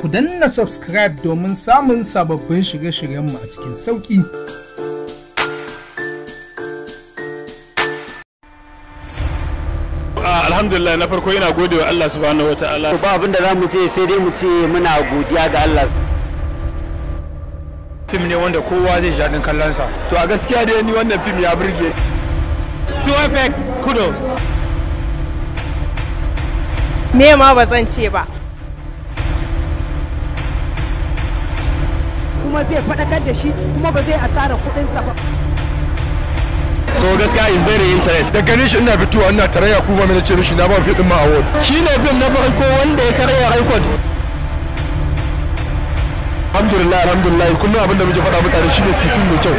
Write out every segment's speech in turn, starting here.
ku danna subscribe domin samun sababbin shirye-shiryenmu a cikin sauƙi. Ah, alhamdulillah na farko yana gode wa Allah subhanahu wa ta'ala ba abin da za mu ce sai dai mu ce muna godiya ga Allah fim ne wanda kowa zai ji daɗin kallonsa to a gaskiya dai ni wannan fim ya burge to effect kudos me ma ba zan ce ba kuma zai faɗakar da shi kuma ba zai asara kuɗinsa ba so gaskiya is very interest da gani shi ina fitowa ina tarayya kuma mai ce mishi na ba fi ma award ne bin na farko wanda ya karya record alhamdulillah alhamdulillah kullum abin da muke faɗa mutane shine sifin mai kyau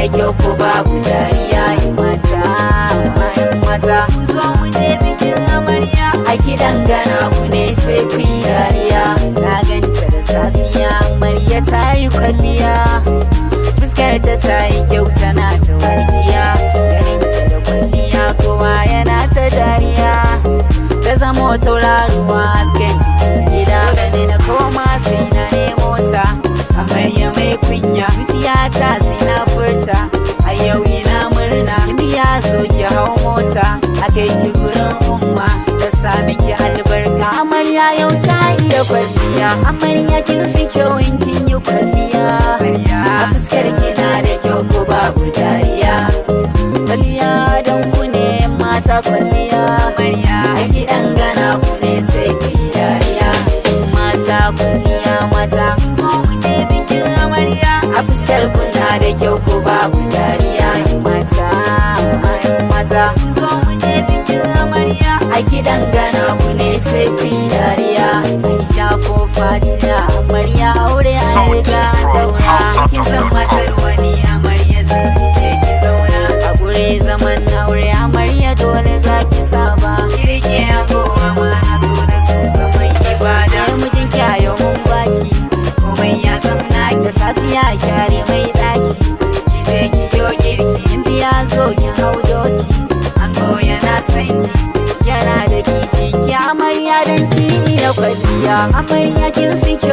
mai kyau ko babu dariya in mata in mata zo mu je bikin amarya a gidan gana ku ne sai ku yi dariya na ganta da safiya amarya ta yi kwalliya fuskar ta ta yi kyau tana ta walƙiya ganin ta da kwalliya kowa yana ta dariya ta zamo tauraruwa hasken cikin gida ne na koma sai na nemo ta amarya mai kunya zuciya ta kwaliya amarya kin fi kyau kin yi kwalliya Soul from House of zaman aure amarya dole za ki saba kirki ya kowa mana so da so zaman ibada ya mijin kyayo mun baki komai ya zamna da safiya share mai ɗaki. ki je ki yo kirki in biya zo ki hau doki an goya na yana da kishi ki amarya dan ki iya kwaliya amarya kin fi